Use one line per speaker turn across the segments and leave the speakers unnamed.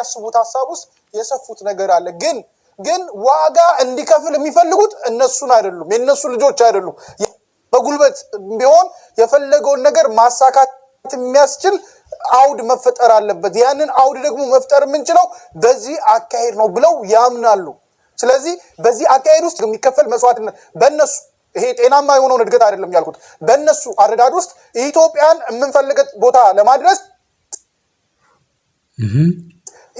በሚያስቡት ሀሳብ ውስጥ የሰፉት ነገር አለ። ግን ግን ዋጋ እንዲከፍል የሚፈልጉት እነሱን አይደሉም፣ የእነሱ ልጆች አይደሉም። በጉልበት ቢሆን የፈለገውን ነገር ማሳካት የሚያስችል አውድ መፈጠር አለበት። ያንን አውድ ደግሞ መፍጠር የምንችለው በዚህ አካሄድ ነው ብለው ያምናሉ። ስለዚህ በዚህ አካሄድ ውስጥ የሚከፈል መስዋዕትነት በነሱ ይሄ ጤናማ የሆነውን እድገት አይደለም ያልኩት፣ በእነሱ አረዳድ ውስጥ ኢትዮጵያን የምንፈልገት ቦታ ለማድረስ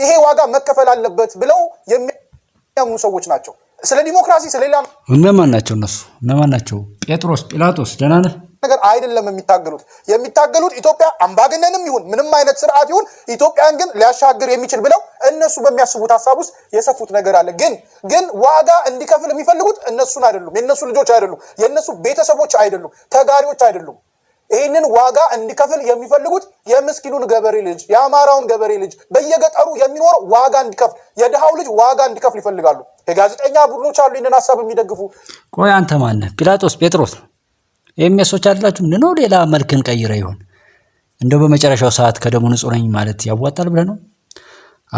ይሄ ዋጋ መከፈል አለበት ብለው የሚያምኑ ሰዎች ናቸው። ስለ ዲሞክራሲ ስለሌላ
እነማን ናቸው? እነሱ እነማን ናቸው? ጴጥሮስ፣ ጲላጦስ ደህና ነህ
ነገር አይደለም የሚታገሉት የሚታገሉት ኢትዮጵያ አምባገነንም ይሁን ምንም አይነት ስርዓት ይሁን ኢትዮጵያን ግን ሊያሻግር የሚችል ብለው እነሱ በሚያስቡት ሀሳብ ውስጥ የሰፉት ነገር አለ። ግን ግን ዋጋ እንዲከፍል የሚፈልጉት እነሱን አይደሉም፣ የእነሱ ልጆች አይደሉም፣ የእነሱ ቤተሰቦች አይደሉም፣ ተጋሪዎች አይደሉም። ይህንን ዋጋ እንዲከፍል የሚፈልጉት የምስኪኑን ገበሬ ልጅ፣ የአማራውን ገበሬ ልጅ፣ በየገጠሩ የሚኖር ዋጋ እንዲከፍል፣ የድሃው ልጅ ዋጋ እንዲከፍል ይፈልጋሉ። የጋዜጠኛ ቡድኖች አሉ ይህንን ሀሳብ የሚደግፉ።
ቆይ አንተ ማነህ? ጲላጦስ ጴጥሮስ የሚያሶች አላችሁ ምን ሌላ መልክን ቀይረ ይሆን እንደው በመጨረሻው ሰዓት ከደሙ ንጹሕ ነኝ ማለት ያዋጣል ብለህ ነው?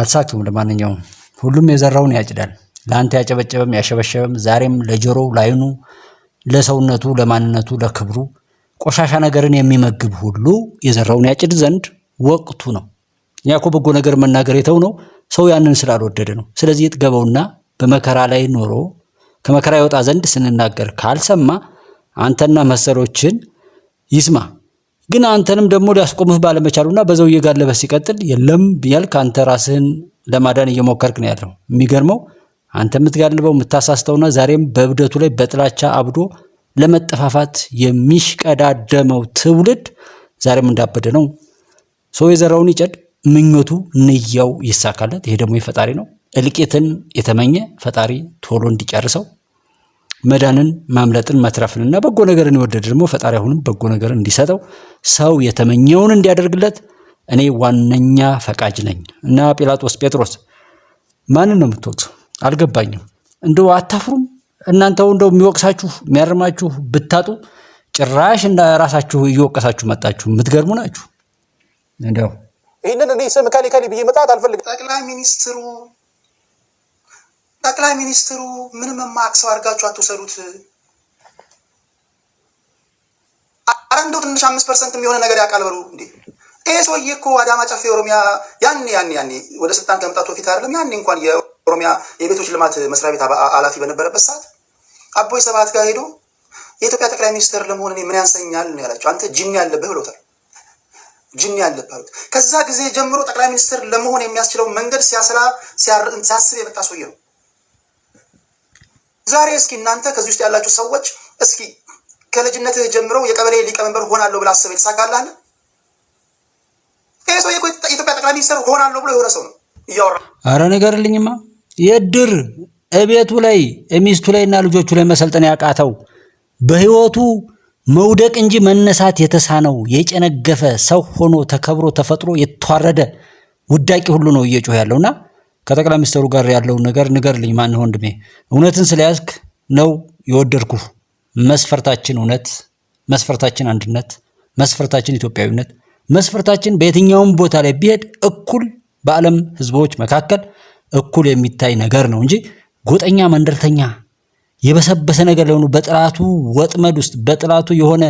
አልሳቱም። ለማንኛውም ሁሉም የዘራውን ያጭዳል። ለአንተ ያጨበጨበም ያሸበሸበም ዛሬም ለጆሮው፣ ላይኑ ለሰውነቱ፣ ለማንነቱ፣ ለክብሩ ቆሻሻ ነገርን የሚመግብ ሁሉ የዘራውን ያጭድ ዘንድ ወቅቱ ነው። እኛ እኮ በጎ ነገር መናገር የተው ነው፣ ሰው ያንን ስላልወደደ ነው። ስለዚህ የጥገበውና በመከራ ላይ ኖሮ ከመከራ የወጣ ዘንድ ስንናገር ካልሰማ አንተና መሰሎችን ይስማ። ግን አንተንም ደግሞ ሊያስቆምህ ባለመቻሉና በዘው እየጋለበህ ሲቀጥል የለም ያልክ ከአንተ ራስህን ለማዳን እየሞከርክ ነው ያለው። የሚገርመው አንተ የምትጋልበው የምታሳስተውና ዛሬም በእብደቱ ላይ በጥላቻ አብዶ ለመጠፋፋት የሚሽቀዳደመው ትውልድ ዛሬም እንዳበደ ነው። ሰው የዘራውን ይጨድ፣ ምኞቱ ንያው ይሳካለት። ይሄ ደግሞ የፈጣሪ ነው። እልቂትን የተመኘ ፈጣሪ ቶሎ እንዲጨርሰው መዳንን ማምለጥን መትረፍንና በጎ ነገርን የወደደ ደግሞ ፈጣሪ አሁንም በጎ ነገርን እንዲሰጠው ሰው የተመኘውን እንዲያደርግለት እኔ ዋነኛ ፈቃጅ ነኝ። እና ጲላጦስ ጴጥሮስ ማንን ነው የምትወቅሰው? አልገባኝም። እንደው አታፍሩም? እናንተው እንደው የሚወቅሳችሁ የሚያርማችሁ ብታጡ ጭራሽ እንደ ራሳችሁ እየወቀሳችሁ መጣችሁ። የምትገርሙ ናችሁ።
እንደው ይህንን እኔ ስም ከሌ ከሌ ብዬ መጣት አልፈልግም። ጠቅላይ ሚኒስትሩ ጠቅላይ ሚኒስትሩ ምንም ማክሰው አድርጋችሁ አትውሰዱት። አረ እንደው ትንሽ አምስት ፐርሰንት የሚሆነ ነገር ያውቃል በሉ እንዴ። ይሄ ሰውዬ እኮ አዳማ ጨፌ ኦሮሚያ ያኔ ያኔ ያኔ ወደ ስልጣን ከመምጣቱ በፊት አይደለም ያኔ እንኳን ኦሮሚያ የቤቶች ልማት መስሪያ ቤት ኃላፊ በነበረበት ሰዓት አቦይ ሰባት ጋር ሄዶ የኢትዮጵያ ጠቅላይ ሚኒስትር ለመሆን እኔ ምን ያንሰኛል ነው ያላቸው። አንተ ጅኒ ያለብህ ብሎታል። ጅኒ ያለብህ አሉት። ከዛ ጊዜ ጀምሮ ጠቅላይ ሚኒስትር ለመሆን የሚያስችለውን መንገድ ሲያስላ ሲያስብ የመጣ ሰውዬ ነው። ዛሬ እስኪ እናንተ ከዚህ ውስጥ ያላችሁ ሰዎች እስኪ ከልጅነትህ ጀምረው የቀበሌ ሊቀመንበር ሆናለሁ ብለህ አስበህ ይህ ሰው የኢትዮጵያ ጠቅላይ ሚኒስትር ሆናለሁ ብሎ የሆነ ሰው ነው
እያወራ። አረ ነገርልኝማ የድር እቤቱ ላይ ሚስቱ ላይ እና ልጆቹ ላይ መሰልጠን ያቃተው በህይወቱ መውደቅ እንጂ መነሳት የተሳነው የጨነገፈ ሰው ሆኖ ተከብሮ ተፈጥሮ የተዋረደ ውዳቂ ሁሉ ነው እየጮህ ያለውና ከጠቅላይ ሚኒስትሩ ጋር ያለውን ነገር ንገርልኝ። ማን ወንድሜ፣ እውነትን ስለያዝክ ነው የወደድኩ። መስፈርታችን እውነት፣ መስፈርታችን አንድነት፣ መስፈርታችን ኢትዮጵያዊነት፣ መስፈርታችን በየትኛውም ቦታ ላይ ቢሄድ እኩል በዓለም ህዝቦች መካከል እኩል የሚታይ ነገር ነው እንጂ ጎጠኛ መንደርተኛ የበሰበሰ ነገር ለሆኑ በጥራቱ ወጥመድ ውስጥ በጥራቱ የሆነ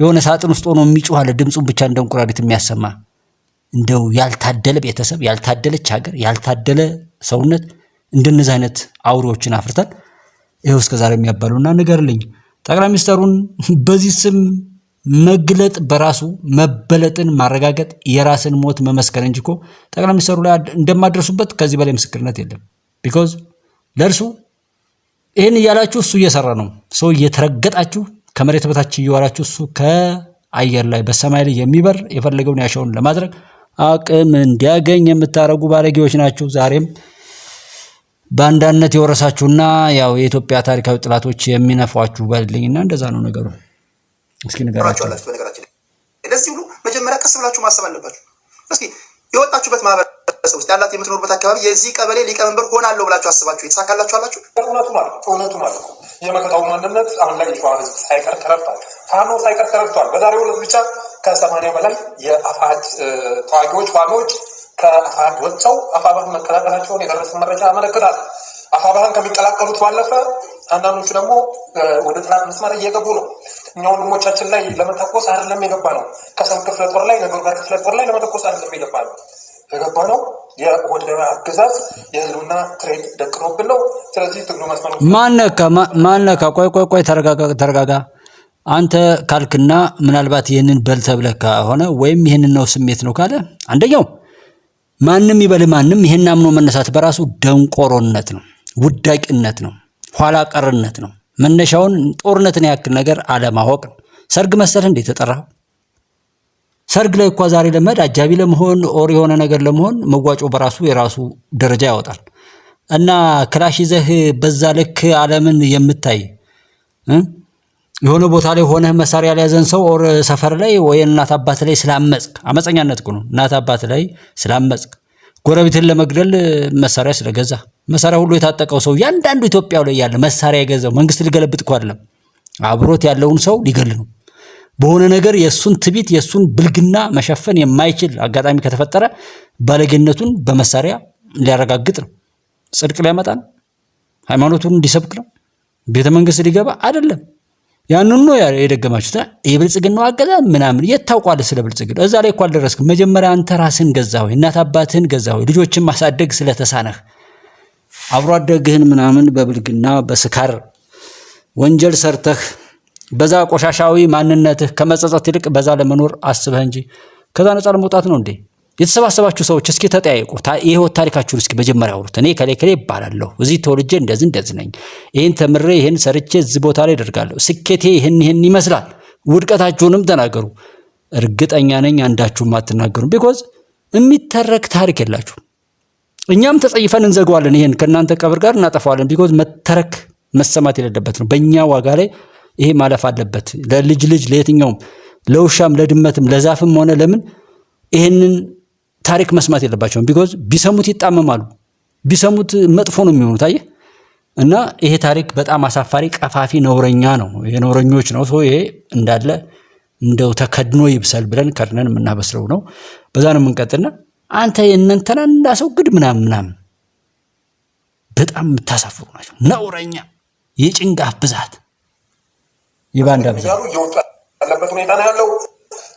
የሆነ ሳጥን ውስጥ ሆኖ የሚጮኋለ ድምፁን ብቻ እንደ እንቁራሪት የሚያሰማ እንደው ያልታደለ ቤተሰብ ያልታደለች ሀገር ያልታደለ ሰውነት እንደነዚህ አይነት አውሬዎችን አፍርተን ይኸው እስከዛሬ የሚያባሉና ንገርልኝ ጠቅላይ ሚኒስተሩን በዚህ ስም መግለጥ በራሱ መበለጥን ማረጋገጥ የራስን ሞት መመስከር እንጂ እኮ ጠቅላይ ሚኒስትሩ ላይ እንደማደርሱበት ከዚህ በላይ ምስክርነት የለም። ቢኮዝ ለእርሱ ይህን እያላችሁ እሱ እየሰራ ነው። ሰው እየተረገጣችሁ ከመሬት በታች እየዋላችሁ እሱ ከአየር ላይ በሰማይ ላይ የሚበር የፈለገውን ያሻውን ለማድረግ አቅም እንዲያገኝ የምታደርጉ ባለጌዎች ናችሁ። ዛሬም በአንዳነት የወረሳችሁና ያው የኢትዮጵያ ታሪካዊ ጥላቶች የሚነፏችሁ በልኝና እንደዛ ነው ነገሩ። እስኪ ነገራችሁ አላችሁ። በነገራችን ለዚህ ሁሉ መጀመሪያ ቀስ ብላችሁ ማሰብ አለባችሁ። እስኪ የወጣችሁበት ማህበረሰብ ውስጥ ያላት የምትኖርበት አካባቢ የዚህ ቀበሌ ሊቀመንበር ሆናለሁ ብላችሁ አስባችሁ የተሳካላችሁ አላችሁ።
እውነቱ ማለት እውነቱ ማለት የመከታው ማንነት አሁን ላይ ሸዋ ህዝብ ሳይቀር ተረድቷል። ፋኖ ሳይቀር ተረድቷል። በዛሬው ዕለት ብቻ ከሰማንያ በላይ የአፋድ ተዋጊዎች ፋኖች ከአፋድ ወጥተው አፋባህን መቀላቀላቸውን የደረሰ መረጃ ያመለክታል። አፋባህን ከሚቀላቀሉት ባለፈ አንዳንዶቹ ደግሞ ወደ ጠላት መስመር እየገቡ ነው። እኛ ወንድሞቻችን ላይ ለመተኮስ አይደለም የገባ ነው። ከሰም ክፍለ ጦር ላይ ነጎድጓድ ክፍለ ጦር ላይ ለመተኮስ አይደለም የገባ ነው የገባ ነው የወደበ አገዛዝ የህልውና ትሬድ ደቅኖብን ነው። ስለዚህ ትግሉ መስመር ማነካ
ማነካ። ቆይ ቆይ ቆይ፣ ተረጋጋ አንተ ካልክና ምናልባት ይህንን በል ተብለህ ከሆነ ወይም ይህንን ነው ስሜት ነው ካለ አንደኛው ማንም ይበል ማንም ይህን አምኖ መነሳት በራሱ ደንቆሮነት ነው፣ ውዳቂነት ነው። ኋላ ቀርነት ነው። መነሻውን ጦርነትን ያክል ነገር አለማወቅ ነው። ሰርግ መሰለህ እንዴ ተጠራ? ሰርግ ላይ እኳ ዛሬ ለመድ አጃቢ ለመሆን ኦር የሆነ ነገር ለመሆን መዋጮ በራሱ የራሱ ደረጃ ያወጣል። እና ክላሽ ይዘህ በዛ ልክ ዓለምን የምታይ የሆነ ቦታ ላይ ሆነህ መሳሪያ ሊያዘን ሰው ኦር ሰፈር ላይ ወይ እናት አባት ላይ ስላመፅክ፣ አመፀኛነት ነው። እናት አባት ላይ ስላመፅክ ጎረቤትን ለመግደል መሳሪያ ስለገዛ መሳሪያ ሁሉ የታጠቀው ሰው እያንዳንዱ ኢትዮጵያው ላይ ያለ መሳሪያ የገዛው መንግስት ሊገለብጥ እኮ አይደለም፣ አብሮት ያለውን ሰው ሊገል ነው። በሆነ ነገር የእሱን ትቢት የእሱን ብልግና መሸፈን የማይችል አጋጣሚ ከተፈጠረ ባለጌነቱን በመሳሪያ ሊያረጋግጥ ነው። ጽድቅ ሊያመጣ ነው። ሃይማኖቱን እንዲሰብክ ነው። ቤተ መንግስት ሊገባ አይደለም። ያንን ነው የደገማችሁት። የብልጽግናው አገዛዝ ምናምን የት ታውቋለህ? ስለ ብልጽግና እዛ ላይ እኮ አልደረስክም። መጀመሪያ አንተ ራስህን ገዛ ሆይ እናት አባትህን ገዛ ልጆችን ማሳደግ ስለተሳነህ አብሮ አደግህን ምናምን በብልግና በስካር ወንጀል ሰርተህ በዛ ቆሻሻዊ ማንነትህ ከመጸጸት ይልቅ በዛ ለመኖር አስበህ እንጂ ከዛ ነጻ ለመውጣት ነው እንዴ? የተሰባሰባችሁ ሰዎች እስኪ ተጠያይቁ። የህይወት ታሪካችሁን እስኪ መጀመሪያ አውሩት። እኔ ከሌ ከሌ ይባላለሁ፣ እዚህ ተወልጄ እንደዚህ እንደዚህ ነኝ፣ ይህን ተምሬ ይህን ሰርቼ እዚህ ቦታ ላይ ደርጋለሁ፣ ስኬቴ ይህን ይህን ይመስላል። ውድቀታችሁንም ተናገሩ። እርግጠኛ ነኝ አንዳችሁም አትናገሩ፣ ቢኮዝ የሚተረክ ታሪክ የላችሁ። እኛም ተጸይፈን እንዘገዋለን። ይህን ከእናንተ ቀብር ጋር እናጠፋዋለን። ቢኮዝ መተረክ መሰማት የሌለበት ነው። በእኛ ዋጋ ላይ ይሄ ማለፍ አለበት። ለልጅ ልጅ፣ ለየትኛውም፣ ለውሻም፣ ለድመትም፣ ለዛፍም ሆነ ለምን ይህንን ታሪክ መስማት የለባቸውም። ቢኮዝ ቢሰሙት ይጣመማሉ። ቢሰሙት መጥፎ ነው የሚሆኑት። አየህ እና ይሄ ታሪክ በጣም አሳፋሪ፣ ቀፋፊ፣ ነውረኛ ነው። የነውረኞች ነው። ይሄ እንዳለ እንደው ተከድኖ ይብሰል ብለን ከድነን የምናበስረው ነው። በዛ ነው የምንቀጥልና አንተ የእነንተና እንዳሰው ግድ ምናምን ምናምን በጣም የምታሳፍሩ ናቸው። ነውረኛ፣ የጭንጋፍ ብዛት፣ የባንዳ ብዛት
ያለበት ሁኔታ ነው ያለው።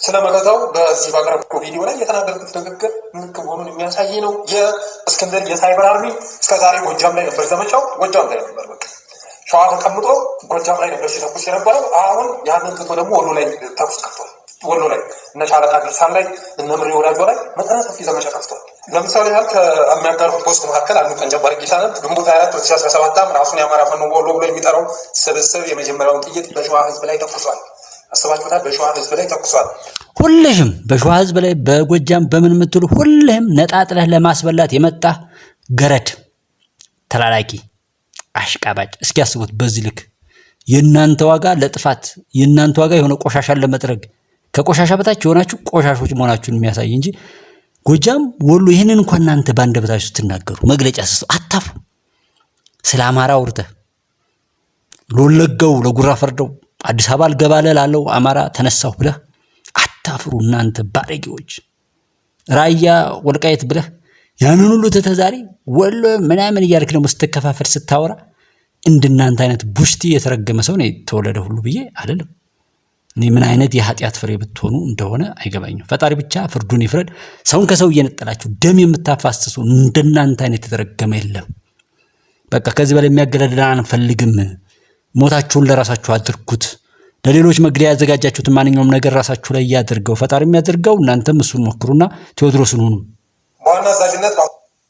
ስለ መከታው በዚህ ባቀረብኩ ቪዲዮ ላይ የተናገርኩት ንግግር ልክ መሆኑን የሚያሳይ ነው። የእስክንድር የሳይበር አርሚ እስከዛሬ ጎጃም ላይ ነበር፣ ዘመቻው ጎጃም ላይ ነበር። በቃ ሸዋ ተቀምጦ ጎጃም ላይ ነበር ሲተኩስ የነበረው። አሁን ያንን ትቶ ደግሞ ወሎ ላይ ተኩስ ከፍቷል። ወሎ ላይ እነ ሻለቃ ድርሳን ላይ እነ ምሬ ወዳጆ ላይ መጠነ ሰፊ ዘመቻ ከፍቷል። ለምሳሌ ያህል ከሚያጋሩት ፖስት መካከል አንዱ ቀን ጀባር ጌሳነት ግንቦት አራት ሁለት ሺ አስራ ሰባት ራሱን የአማራ ፈኖ ወሎ ብሎ የሚጠራው ስብስብ የመጀመሪያውን ጥይት በሸዋ ህዝብ ላይ ተኩሷል። አሰባችሁታል። በሸዋ ህዝብ ላይ ተኩሷል። ሁልሽም በሸዋ ህዝብ ላይ በጎጃም በምን ምትሉ ሁልህም ነጣጥለህ ለማስበላት የመጣ ገረድ
ተላላኪ አሽቃባጭ። እስኪ ያስቡት በዚህ ልክ የእናንተ ዋጋ ለጥፋት የእናንተ ዋጋ የሆነ ቆሻሻን ለመጥረግ ከቆሻሻ በታች የሆናችሁ ቆሻሾች መሆናችሁን የሚያሳይ እንጂ ጎጃም፣ ወሎ ይህንን እንኳ እናንተ በታች ስትናገሩ መግለጫ ስሰ አታፉ ስለ አማራ አውርተህ ለወለጋው ለጉራ ፈርደው አዲስ አበባ አልገባለ ላለው አማራ ተነሳሁ ብለህ አታፍሩ እናንተ ባረጌዎች። ራያ ወልቃየት ብለህ ያንን ሁሉ ተተዛሪ ወሎ ምናምን እያልክ ደግሞ ስትከፋፈል ስታወራ እንድናንተ አይነት ቡሽቲ የተረገመ ሰው ነው የተወለደ ሁሉ ብዬ አይደለም። እኔ ምን አይነት የኃጢአት ፍሬ ብትሆኑ እንደሆነ አይገባኝም። ፈጣሪ ብቻ ፍርዱን ይፍረድ። ሰውን ከሰው እየነጠላችሁ ደም የምታፋስሱ እንደናንተ አይነት የተረገመ የለም። በቃ ከዚህ በላይ የሚያገዳድለን አንፈልግም። ሞታችሁን ለራሳችሁ አድርጉት። ለሌሎች መግደያ ያዘጋጃችሁትን ማንኛውም ነገር ራሳችሁ ላይ እያድርገው ፈጣሪ የሚያደርገው እናንተም እሱን ሞክሩና ቴዎድሮስን ሁኑ።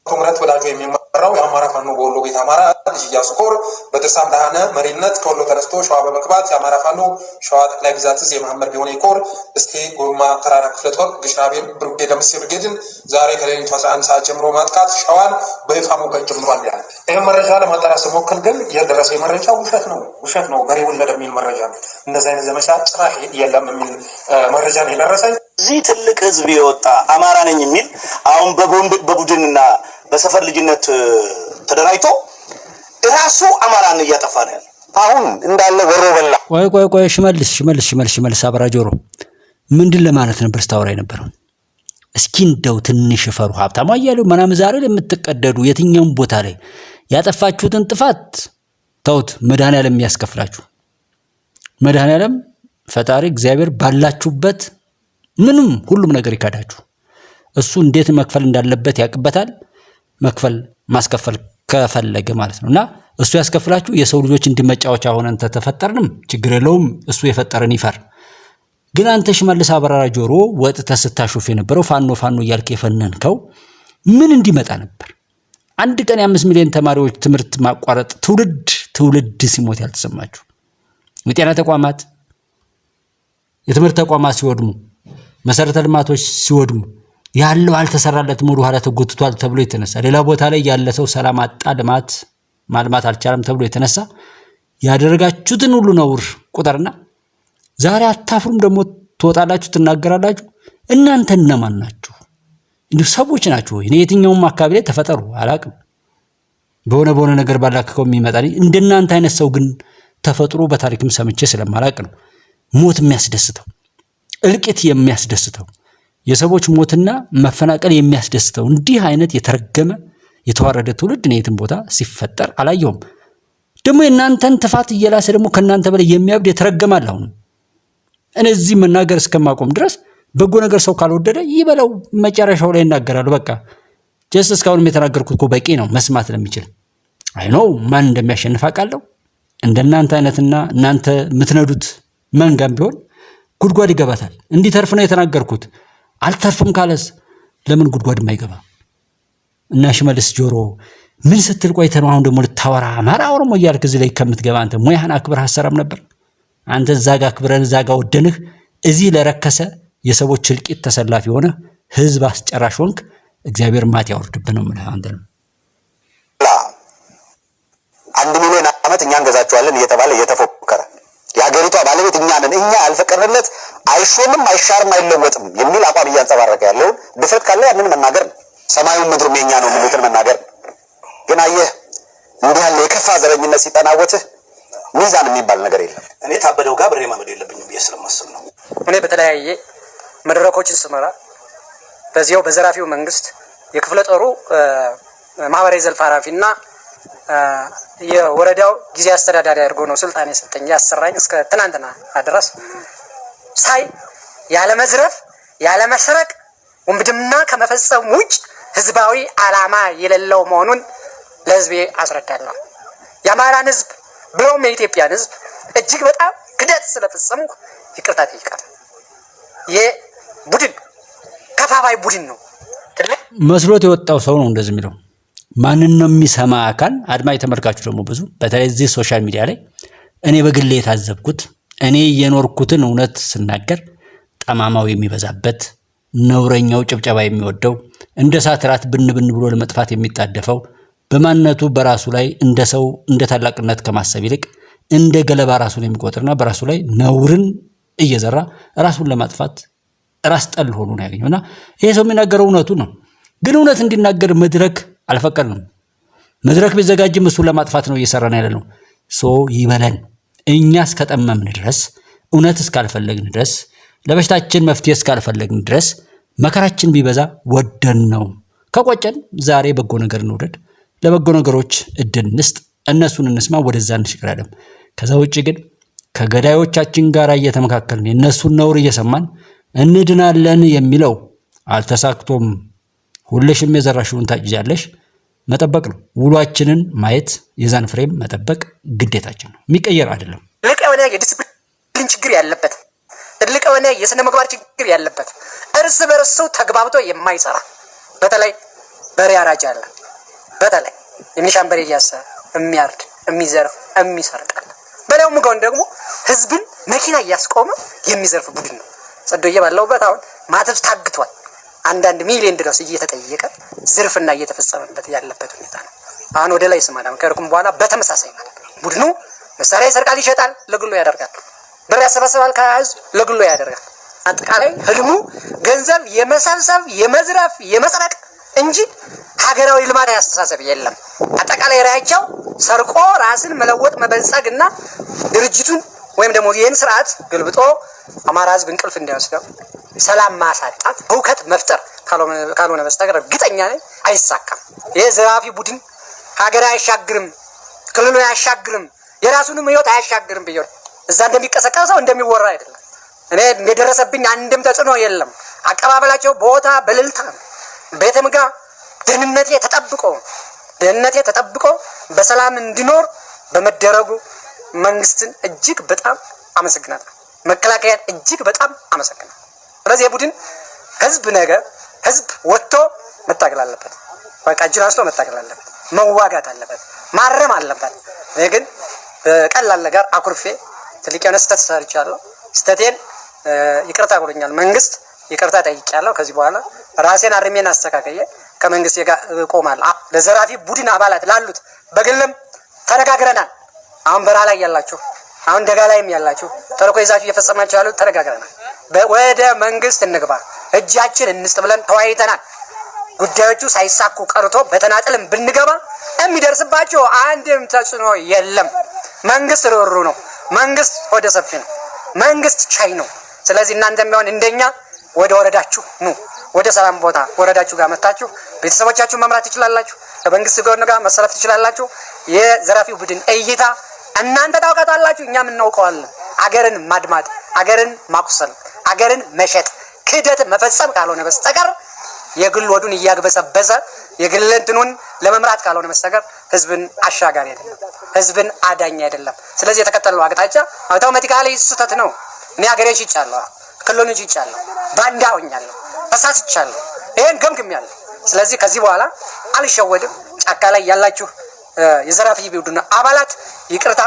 አቶ ምህረት የሚመራው የአማራ ፋኖ በወሎ ቤት አማራ ልጅ እያሱ ኮር በትርሳም ዳህነ መሪነት ከወሎ ተነስቶ ሸዋ በመግባት የአማራ ፋኖ ሸዋ ጠቅላይ ግዛት ዕዝ የመሐመድ ቢሆን ኮር እስቴ ጎማ ተራራ ክፍለ ጦር ግሽናቤል ብርጌ ደምስ ብርጌድን ዛሬ ከሌሊቱ 11 ሰዓት ጀምሮ ማጥቃት ሸዋን በይፋ መውጋት ጀምሯል ይላል። ይህ መረጃ ለማጣራት ስሞክር ግን የደረሰ መረጃ ውሸት ነው፣ ውሸት ነው፣ በሬ ወለደ የሚል መረጃ ነው። እንደዚህ አይነት ዘመቻ ጭራሽ የለም የሚል መረጃ ነው የደረሰኝ። እዚህ ትልቅ ህዝብ የወጣ አማራ ነኝ የሚል አሁን በቦምብ በቡድንና በሰፈር ልጅነት ተደራጅቶ ራሱ አማራን እያጠፋ ነው ያለ። አሁን እንዳለ ወሮ በላ። ቆይ ቆይ ቆይ፣ ሽመልስ ሽመልስ ሽመልስ ሽመልስ አበራ ጆሮ ምንድን ለማለት ነበር ስታወራ የነበረው?
እስኪ እንደው ትንሽ ፈሩ ሀብታሙ አያሌው ምናምን ዛሬ የምትቀደዱ የትኛውም ቦታ ላይ ያጠፋችሁትን ጥፋት ተውት፣ መድኃኔ ዓለም ያስከፍላችሁ። መድኃኔ ዓለም ፈጣሪ እግዚአብሔር ባላችሁበት ምንም ሁሉም ነገር ይካዳችሁ። እሱ እንዴት መክፈል እንዳለበት ያቅበታል። መክፈል ማስከፈል ከፈለገ ማለት ነው እና እሱ ያስከፍላችሁ። የሰው ልጆች እንዲመጫወቻ ሆነን ተተፈጠርንም ችግር የለውም እሱ የፈጠረን ይፈር። ግን አንተ ሽመልስ አበራራ ጆሮ ወጥተህ ስታሾፍ የነበረው ፋኖ ፋኖ እያልክ የፈነንከው ምን እንዲመጣ ነበር? አንድ ቀን የአምስት ሚሊዮን ተማሪዎች ትምህርት ማቋረጥ ትውልድ ትውልድ ሲሞት ያልተሰማችሁ የጤና ተቋማት የትምህርት ተቋማት ሲወድሙ መሰረተ ልማቶች ሲወድሙ ያለው አልተሰራለትም ወደ ኋላ ተጎትቷል ተብሎ የተነሳ ሌላ ቦታ ላይ ያለ ሰው ሰላም አጣ፣ ልማት ማልማት አልቻለም ተብሎ የተነሳ ያደረጋችሁትን ሁሉ ነውር ቁጠርና ዛሬ አታፍሩም። ደግሞ ትወጣላችሁ፣ ትናገራላችሁ። እናንተ እነማን ናችሁ? እንዲሁ ሰዎች ናችሁ ወይ? የትኛውም አካባቢ ላይ ተፈጠሩ አላቅም። በሆነ በሆነ ነገር ባላክከው የሚመጣ እንደናንተ አይነት ሰው ግን ተፈጥሮ በታሪክም ሰምቼ ስለማላቅ ነው ሞት የሚያስደስተው እልቂት የሚያስደስተው የሰዎች ሞትና መፈናቀል የሚያስደስተው እንዲህ አይነት የተረገመ የተዋረደ ትውልድ ነው የትም ቦታ ሲፈጠር አላየውም። ደግሞ የእናንተን ትፋት እየላሰ ደግሞ ከእናንተ በላይ የሚያብድ የተረገማል። አሁን እነዚህ መናገር እስከማቆም ድረስ በጎ ነገር ሰው ካልወደደ ይበለው፣ መጨረሻው ላይ ይናገራሉ። በቃ ጀስት እስካሁንም የተናገርኩት እኮ በቂ ነው፣ መስማት ለሚችል አይኖ ማን እንደሚያሸንፍ አውቃለሁ። እናንተ አይነትና እናንተ የምትነዱት መንጋም ቢሆን ጉድጓድ ይገባታል። እንዲተርፍ ነው የተናገርኩት። አልተርፍም ካለስ ለምን ጉድጓድ የማይገባ እና ሽመልስ ጆሮ ምን ስትል ቆይተ ነው አሁን ደግሞ ልታወራ አማራ ኦሮሞ እያልክ እዚህ ላይ ከምትገባ አንተ ሙያህን አክብረህ አሰራም ነበር። አንተ እዛ ጋ አክብረን እዛ ጋ ወደንህ እዚህ ለረከሰ የሰዎች እልቂት ተሰላፊ ሆነ ህዝብ አስጨራሽ ሆንክ። እግዚአብሔር ማት ያወርድብን ነው የምልህ አንተ ነው
አንድ ሚሊዮን ዓመት እኛ እንገዛቸዋለን እየተባለ እየተፎከረ የሀገሪቷ ባለቤት እኛ ነን፣ እኛ ያልፈቀድንለት አይሾምም፣ አይሻርም፣ አይለወጥም የሚል አቋም እያንጸባረቀ ያለውን ድፍረት ካለ ያንን መናገር ነው። ሰማዩን ምድሩም የኛ ነው የሚሉትን መናገር ነው። ግን አየህ እንዲህ ያለ የከፋ ዘረኝነት ሲጠናወትህ ሚዛን የሚባል ነገር የለም። እኔ ታበደው ጋር ብሬ ማመድ የለብኝም ብዬ ስለማስብ ነው። እኔ በተለያየ መድረኮችን ስመራ በዚያው በዘራፊው መንግስት የክፍለ ጦሩ ማህበራዊ ዘልፍ ኃላፊ እና የወረዳው ጊዜ አስተዳዳሪ አድርጎ ነው ስልጣን የሰጠኝ ያሰራኝ። እስከ ትናንትና ድረስ ሳይ ያለመዝረፍ ያለመስረቅ ውንብድና ከመፈጸም ውጭ ህዝባዊ አላማ የሌለው መሆኑን ለህዝቤ አስረዳለሁ። የአማራን ህዝብ ብሎም የኢትዮጵያን ህዝብ እጅግ በጣም ክደት ስለፈጸምኩ ይቅርታ ጠይቃል። ይህ ቡድን ከፋፋይ ቡድን ነው መስሎት
የወጣው ሰው ነው እንደዚህ የሚለው። ማንን ነው የሚሰማ አካል አድማጭ ተመልካቹ ደግሞ ብዙ በተለይ እዚህ ሶሻል ሚዲያ ላይ እኔ በግሌ የታዘብኩት እኔ የኖርኩትን እውነት ስናገር ጠማማው የሚበዛበት ነውረኛው ጭብጨባ የሚወደው እንደ ሳትራት ራት ብን ብን ብሎ ለመጥፋት የሚጣደፈው በማንነቱ በራሱ ላይ እንደ ሰው እንደ ታላቅነት ከማሰብ ይልቅ እንደ ገለባ ራሱን የሚቆጥርና በራሱ ላይ ነውርን እየዘራ ራሱን ለማጥፋት ራስ ጠል ሆኖ ነው ያገኘው እና ይሄ ሰው የሚናገረው እውነቱ ነው። ግን እውነት እንዲናገር መድረክ አልፈቀድንም። መድረክ ቢዘጋጅም እሱን ለማጥፋት ነው እየሰራን ያለ ነው። ሶ ይበለን። እኛ እስከጠመምን ድረስ፣ እውነት እስካልፈለግን ድረስ፣ ለበሽታችን መፍትሄ እስካልፈለግን ድረስ መከራችን ቢበዛ ወደን ነው። ከቆጨን ዛሬ በጎ ነገር እንውደድ፣ ለበጎ ነገሮች እድል እንስጥ፣ እነሱን እንስማ፣ ወደዛ እንሽቅዳለም። ከዛ ውጭ ግን ከገዳዮቻችን ጋር እየተመካከልን የእነሱን ነውር እየሰማን እንድናለን የሚለው አልተሳክቶም። ሁለሽም የዘራሽውን ታጭጃለሽ። መጠበቅ ነው። ውሏችንን ማየት የዛን ፍሬም መጠበቅ ግዴታችን ነው። የሚቀየር አይደለም። ትልቅ የሆነ የዲስፕሊን
ችግር ያለበት ትልቅ የሆነ የስነ ምግባር ችግር ያለበት እርስ በርሱ ተግባብቶ የማይሰራ በተለይ በሬ አራጅ አለ። በተለይ የሚሻን በሬ እያሰ የሚያርድ የሚዘርፍ የሚሰርቃል። በሌላውም ጎን ደግሞ ህዝብን መኪና እያስቆመ የሚዘርፍ ቡድን ነው። ጸዶዬ ባለውበት አሁን ማተብ ታግቷል። አንዳንድ ሚሊዮን ድረስ እየተጠየቀ ዝርፍና እየተፈጸመበት ያለበት ሁኔታ ነው። አሁን ወደ ላይ ስማዳ ከርኩም በኋላ በተመሳሳይ ማለት ቡድኑ መሳሪያ ይሰርቃል፣ ይሸጣል፣ ለግሎ ያደርጋል። ብር ያሰበሰባል፣ ከህዝብ ለግሎ ያደርጋል። አጠቃላይ ህልሙ ገንዘብ የመሰብሰብ የመዝረፍ፣ የመስረቅ እንጂ ሀገራዊ ልማት አስተሳሰብ የለም። አጠቃላይ ራያቸው ሰርቆ ራስን መለወጥ መበልጸግ እና ድርጅቱን ወይም ደግሞ ይህን ስርዓት ገልብጦ አማራ ህዝብ እንቅልፍ እንዳይወስደው ሰላም ማሳጣት በእውከት መፍጠር ካልሆነ በስተቀር እርግጠኛ ነኝ አይሳካም። ይህ ዘራፊ ቡድን ሀገር አያሻግርም፣ ክልሉ አያሻግርም፣ የራሱንም ህይወት አያሻግርም ብዬ እዛ እንደሚቀሰቀሰው እንደሚወራ አይደለም። እኔ የደረሰብኝ አንድም ተጽዕኖ የለም። አቀባበላቸው ቦታ በልልታ ቤትም ጋር ደህንነቴ ተጠብቆ ደህንነቴ ተጠብቆ በሰላም እንዲኖር በመደረጉ መንግስትን እጅግ በጣም አመሰግናለሁ። መከላከያን እጅግ በጣም አመሰግናለሁ። ስለዚህ የቡድን ህዝብ ነገ ህዝብ ወጥቶ መታገል አለበት። በቃ እጅን አንስቶ መታገል አለበት። መዋጋት አለበት። ማረም አለበት። እኔ ግን በቀላል ነገር አኩርፌ ትልቅ የሆነ ስህተት ሰርቻለሁ። ስህተቴን ይቅርታ ብሎኛል መንግስት፣ ይቅርታ ጠይቄያለሁ። ከዚህ በኋላ ራሴን አርሜን አስተካከየ ከመንግስት ጋር እቆማለሁ። ለዘራፊ ቡድን አባላት ላሉት በግልም ተነጋግረናል። አሁን በረሃ ላይ ያላችሁ፣ አሁን ደጋ ላይም ያላችሁ ተልእኮ ይዛችሁ እየፈጸማችሁ ያሉት ተነጋግረናል። ወደ መንግስት እንግባ፣ እጃችን እንስጥ ብለን ተወያይተናል። ጉዳዮቹ ሳይሳኩ ቀርቶ በተናጠልም ብንገባ የሚደርስባቸው አንድም ተጽዕኖ የለም። መንግስት ርሩ ነው። መንግስት ወደ ሰፊ ነው። መንግስት ቻይ ነው። ስለዚህ እናንተም ቢሆን እንደኛ ወደ ወረዳችሁ ኑ። ወደ ሰላም ቦታ ወረዳችሁ ጋር መታችሁ ቤተሰቦቻችሁን መምራት ትችላላችሁ። ከመንግስት ጎን ጋር መሰለፍ ትችላላችሁ። የዘራፊው ቡድን እይታ እናንተ ታውቃታላችሁ፣ እኛም እናውቀዋለን። አገርን ማድማት፣ አገርን ማቁሰል፣ አገርን መሸጥ፣ ክህደት መፈጸም ካልሆነ በስተቀር የግል ወዱን እያግበሰበሰ የግል እንትኑን ለመምራት ካልሆነ በስተቀር ህዝብን አሻጋሪ አይደለም፣ ህዝብን አዳኝ አይደለም። ስለዚህ የተከተለው አቅጣጫ አውቶማቲካሊ ስህተት ነው። እኔ ሀገሬን ሽጫለሁ፣ ክልሉን ሽጫለሁ፣ ባንዳ ሆኛለሁ፣ ተሳስቻለሁ። ገምግም ገምግሜያለሁ። ስለዚህ ከዚህ በኋላ አልሸወድም። ጫካ ላይ ያላችሁ የዘራፊ ቡድን አባላት ይቅርታ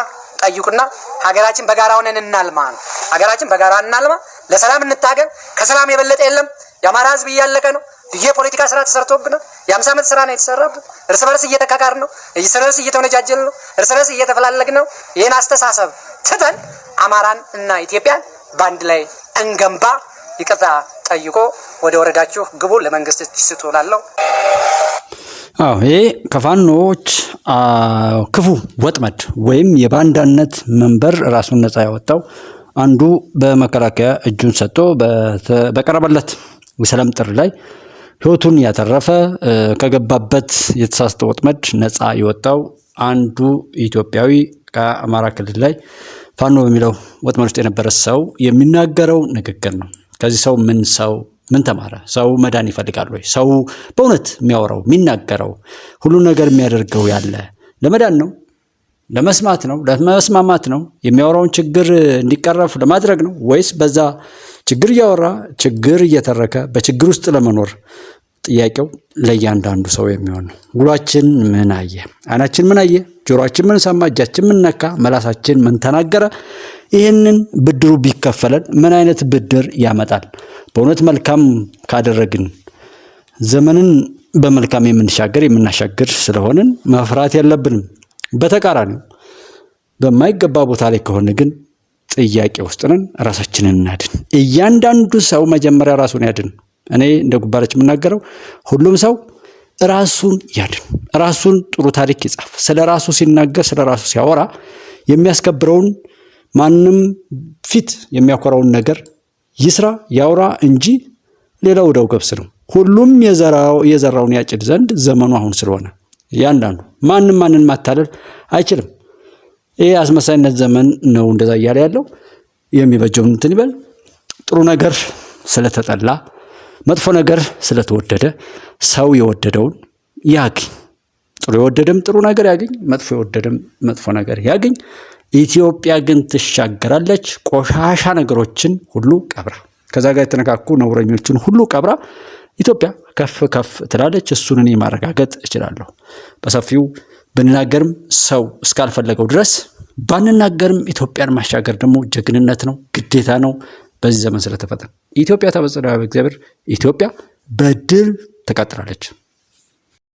ጠይቁና ሀገራችን በጋራ ሆነን እናልማ ነው። ሀገራችን በጋራ እናልማ፣ ለሰላም እንታገል። ከሰላም የበለጠ የለም። የአማራ ህዝብ እያለቀ ነው። ይሄ የፖለቲካ ስራ ተሰርቶብናል። የአምሳ ዓመት ስራ ነው የተሰራብን። እርስ በርስ እየተካካር ነው፣ እርስ በርስ እየተወነጃጀል ነው፣ እርስ በርስ እየተፈላለግ ነው። ይህን አስተሳሰብ ትተን አማራን እና ኢትዮጵያን በአንድ ላይ እንገንባ። ይቅርታ ጠይቆ ወደ ወረዳችሁ ግቡ። ለመንግስት ስጡ ላለው አዎ ይሄ ከፋኖች ክፉ
ወጥመድ ወይም የባንዳነት መንበር ራሱን ነጻ ያወጣው አንዱ በመከላከያ እጁን ሰጥቶ በቀረበለት የሰላም ጥሪ ላይ ህይወቱን ያተረፈ ከገባበት የተሳሳተ ወጥመድ ነጻ የወጣው አንዱ ኢትዮጵያዊ ከአማራ ክልል ላይ ፋኖ በሚለው ወጥመድ ውስጥ የነበረ ሰው የሚናገረው ንግግር ነው። ከዚህ ሰው ምን ሰው ምን ተማረ? ሰው መዳን ይፈልጋል ወይ? ሰው በእውነት የሚያወራው የሚናገረው ሁሉ ነገር የሚያደርገው ያለ ለመዳን ነው ለመስማት ነው ለመስማማት ነው የሚያወራውን ችግር እንዲቀረፍ ለማድረግ ነው ወይስ በዛ ችግር እያወራ ችግር እየተረከ በችግር ውስጥ ለመኖር? ጥያቄው ለእያንዳንዱ ሰው የሚሆን ጉሏችን ምን አየ? አይናችን ምን አየ? ጆሮአችን ምን ሰማ? እጃችን ምን ነካ? መላሳችን ምን ተናገረ? ይህንን ብድሩ ቢከፈለን ምን አይነት ብድር ያመጣል? በእውነት መልካም ካደረግን ዘመንን በመልካም የምንሻገር የምናሻገር ስለሆንን መፍራት የለብንም። በተቃራኒው በማይገባ ቦታ ላይ ከሆነ ግን ጥያቄ ውስጥ ነን። ራሳችንን እናድን። እያንዳንዱ ሰው መጀመሪያ ራሱን ያድን። እኔ እንደ ጉባለች የምናገረው ሁሉም ሰው ራሱን ያድን፣ ራሱን ጥሩ ታሪክ ይጻፍ። ስለ ራሱ ሲናገር፣ ስለ ራሱ ሲያወራ የሚያስከብረውን ማንም ፊት የሚያኮራውን ነገር ይስራ ያውራ እንጂ ሌላው ደው ገብስ ነው። ሁሉም የዘራውን ያጭድ ዘንድ ዘመኑ አሁን ስለሆነ እያንዳንዱ ማንም ማንን ማታለል አይችልም። ይህ አስመሳይነት ዘመን ነው እንደዛ እያለ ያለው የሚበጀውን እንትን ይበል። ጥሩ ነገር ስለተጠላ መጥፎ ነገር ስለተወደደ ሰው የወደደውን ያግኝ። ጥሩ የወደደም ጥሩ ነገር ያገኝ መጥፎ የወደደም መጥፎ ነገር ያገኝ ኢትዮጵያ ግን ትሻገራለች፣ ቆሻሻ ነገሮችን ሁሉ ቀብራ፣ ከዛ ጋር የተነካኩ ነውረኞችን ሁሉ ቀብራ ኢትዮጵያ ከፍ ከፍ ትላለች። እሱን እኔ ማረጋገጥ እችላለሁ። በሰፊው ብንናገርም ሰው እስካልፈለገው ድረስ ባንናገርም ኢትዮጵያን ማሻገር ደግሞ ጀግንነት ነው፣ ግዴታ ነው። በዚህ ዘመን ስለተፈጠረ ኢትዮጵያ ተበጽዳ እግዚአብሔር ኢትዮጵያ በድል ትቀጥላለች።